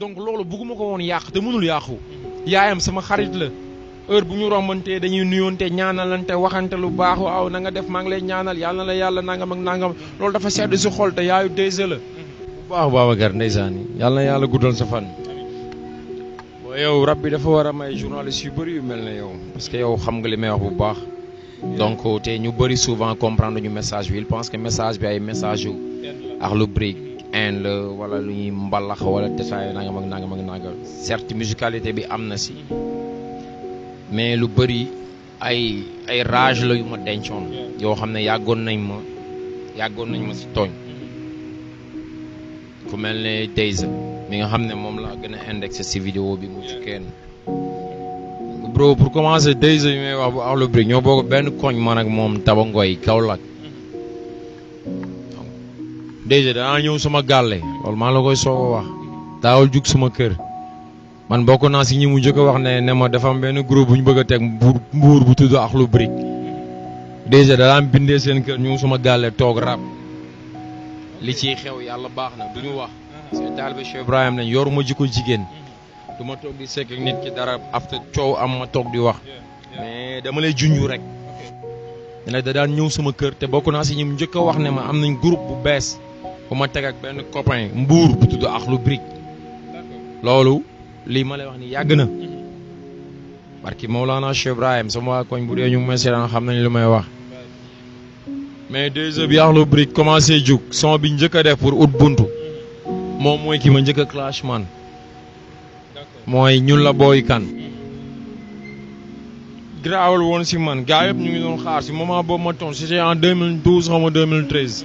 donc loolu bugguma ko woon yàq te mënul yàqu yaayam sama xarit la heure bu ñu rombantee dañuy nuyoon nuyoonte ñaanalante waxante lu baax waaw na nga def maa ngi lay ñaanal yàlla la yàlla nangam ak nangam loolu dafa sedd si xol te yaayu dèjà la. bu baax Babacar ndeysaan yàlla na yàlla guddal sa fan. boo yow rab bi dafa war a may journaliste yu bëri yu mel na yow parce que yow xam nga li may wax bu baax. donc te ñu bëri souvent comprendre ñu message bi il pense que message bi ay message ak lu brique And uh, wala lu ñuy mbalax wala desaay nangam ak nangam ak nangam certes musicalité bi si mais lu ay ay rage la yu ma dencoon yoo xam nañ ma yàggoon nañ ma si tooñ ku mel ne mi nga xam ne vidéo bi mu ci kenn bro pour commencer Deyza may wax bu Akhlou Brick ñoo bokk benn koñ man ak moom Tabangoy déjà da ñew sama galé loolu ma la koy soog wax daawal juk sama kër man boko na ci ñi mu jëk wax né ne ma dafa am benn groupe bu ñu bëgg tek teg mbuur bu tuddu akhlu brik déjà am bindé seen kër ñu sama galé tok rap li ci xew yalla baax na duñu wax seen talbe Cheikh Ibrahim lañ yor ma jikko jigen duma tok di di ak nit ki dara afta ciow am ma tok di wax mais dama lay juñu rek dina da daan ñew sama kër te bokku na ci ñi mu wax né ma am nañ groupe bu bess fuma ma ak ben copain mbour bu tuddu akhlu brik lolou li ma lay wax ni yàgg na barki Maulana Cheikh Ibrahim sama koñ bu de ñu ngi may xam nañ lu may wax mais deux heures bi akhlu brik commencé juk son bi ñëk def pour out buntu mom moy ki ma ñëk clash man moy ñun la boy kan graawal won si man gaa yëpp ñu ngi doon xaar si moment bo ma ton c'était en 2012 xaw 2013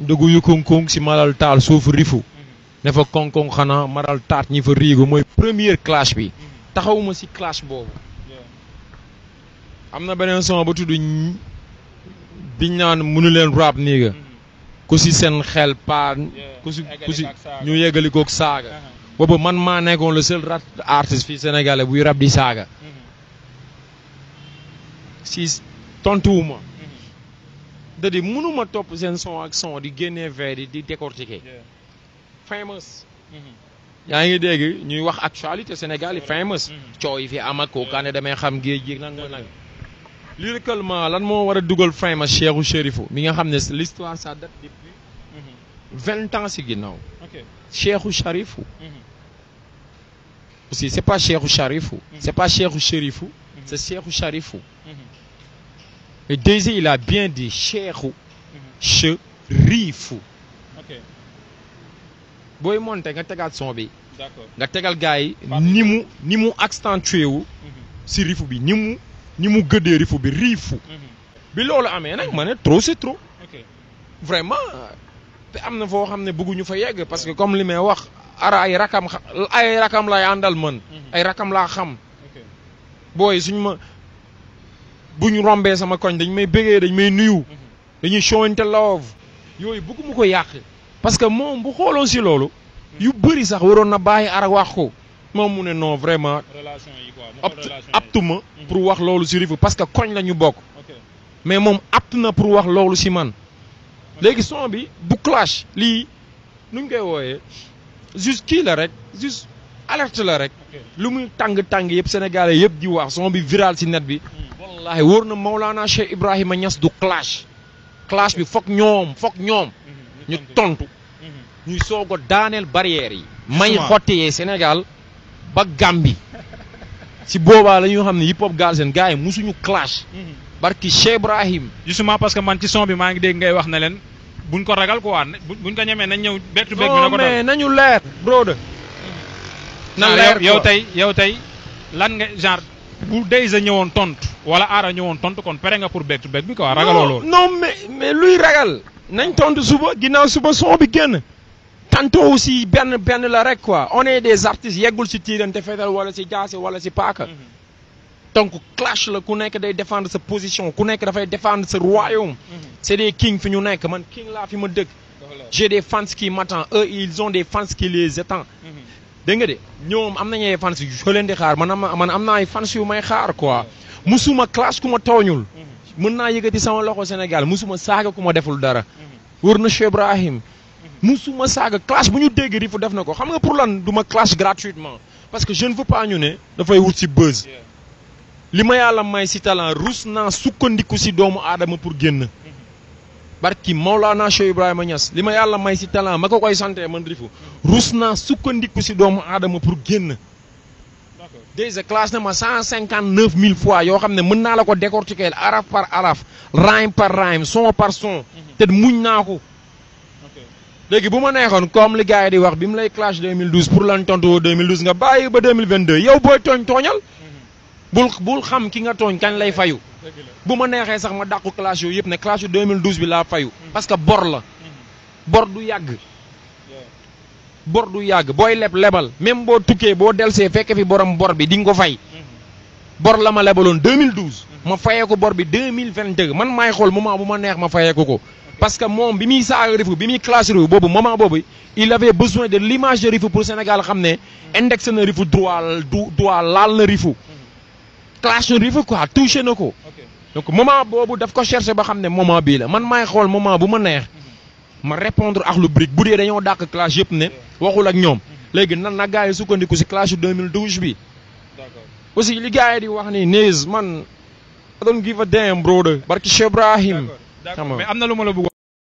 nduguyu konkong si maral taal suufu rifu mhm. ne fa konkong xanaa maral taat ñi fa riigu mooy première clash bi mhm. taxawuma si clash boobu am na beneen son ba tudd biñ naan mënu leen rap nii nga mhm. ku si seen xel paan ku si ku si ñu yeggali saaga uh-huh. boobu man maa nekkoon le seul rap artiste fii sénégalais buy rap di saaga si tontuwuma da di mënuma top seen son ak son di génnee vers di décortiquer. famous. Mm-hmm. yaa ngi dégg ñuy wax actualité Sénégal yi famous. Mm-hmm. coow yi fi amako ak kooku damay xam géej gi nan nga nag. lyriquement lan moo war a dugal famous Cheikhou Chérifou mi nga xam ne l'histoire ça date depuis mm-hmm. vingt ans si ginnaaw. ok Cheikhou Chérifou. aussi c'est pas Cheikhou Chérifou. c'est pas Cheikhou Chérifou. c'est Cheikhou Chérifou. Et il a bien dit che mhm. Ok. Si monté nga son bi. d'accord nga ni ni si bi ni mu ni mu rifu bi rifu. Mhm. bi trop c'est trop. vraiment parce que comme li may ara ay rakam ay rakam lay andal man. Mhm. ay rakam xam bu rombé sama koñ dañ may bëggee dañ may nuyu mhm. dañuy showante love yoy bëgguma ko yàq parce que mom bu xooloon si loolu mhm. yu bëri sax waroon na baye ara wax ko mom mune non vraiment relation apt aptu aptuma mhm. pour wax lolu si Rive parce que koñ lañu bok mais mom apt na pour wax lolu ci man légui son bi bu clash li nuñ koy woyé juste kii la rek juste alerte la rek lu muy tang tàng yëpp sénégalais yépp di wax son bi viral ci net bi wallaahi wóor na Maulana Cheikh Ibrahima Niass du clash clash bi foog ñoom foog ñoom. Mhm. ñu tontu mhm. ñuy soog a daaneel barrières yi. may xottiyee Sénégal ba Gambie si boobaa la xam ne hip hop Galsen gars musuñu clash. Mhm. barki Cheikh Ibrahim. justement parce que man ci son bi maa ngi dégg ngay wax na leen buñ ko ragal quoi buñ ko ñemee nañ ñëw bettu beeg. nañu leer. brode na ah, leer yow tey yow tey lan genre bu day sa ñëwoon tontu. wala ara ñewon tontu kon pere nga pour beeg beeg bi quoi. ragaloo loolu non mais mais luy ragal. nañ tontu suba ginnaw suba son bi genn tantôt aussi ben ben la rek quoi on est des artistes yegul ci tiirante fetal wala ci jaasi wala ci paka mhm. donc clash le ku nek day défendre sa position ku nekk dafay défendre sa royaume. Mhm. c'est des kings fi ñu nek man king la fi ma deug j'ai des fans qui m'attendent eux ils ont des fans qui les attendent. Mhm. dégg nga de ñoom am nañu ay fans yu leen di xaar man am man am naa ay fans yu may xaar quoi musuma classe ku ma tooñul. mën naa yëkkati sama loxo Sénégal musuma saaga ku ma deful dara. wër na Cheikh Ibrahim. musuma saaga classe bu ñu dégg rifu def na ko xam nga pour lan du ma classe gratuitement parce que je ne veux pas ñu ne dafay wut si buzz. li ma yàlla may si talent rus naa sukkandiku si doomu aadama pour génn. barki Maulana Cheikh Ibrahima Niass li ma yàlla may si talent ma ko koy sante man rifu rus naa sukkandiku si doomu aadama pour génn déjà classe na ma cent cinquante neuf mille fois yoo xam ne mën naa la ko décortiquer araf par araf rime par rime son par son mhm. te muñ naa ko léegi bu ma neexoon comme li gars yi di wax bi mu lay clash 2012 pour lan tontu 2012 nga bàyyi ba 2022 yow booy tooñ tooñal mhm. bul bul xam ki nga tooñ kañ lay fayu bu ma neexee sax ma dàqu clash yooyu yëpp ne clash yu 2012 bi laa fayu parce bor la bor du yàgg du yàgg booy leb lebal même boo tukkee boo delsee fekke fi borom bor bi di nga ko fay bor la ma lebaloon 2012 ma fayee ko bor bi 2022 man maay xool moment bu ma neex ma fayee ko ko parce que moom bi muy saaga Rifou bi muy classe Rifou boobu moment boobu il avait besoin de l'image pour Sénégal xam ne index na Rifou droit droit laal na Rifou clash rive quoi touché na ko. donc moment boobu daf ko cherché ba xam ne moment bii la man maay xool moment bu ma neex. ma répondre ak lu brique bu dee dañoo dàq clash yëpp ne waxul ak ñoom. léegi nan na gars yi sukkandiku si clash 2012 bi. aussi li gars di wax ni Niz man. a don't give a damn brother. barki Cheikh Ibrahim. mais am na lu ma la bëgg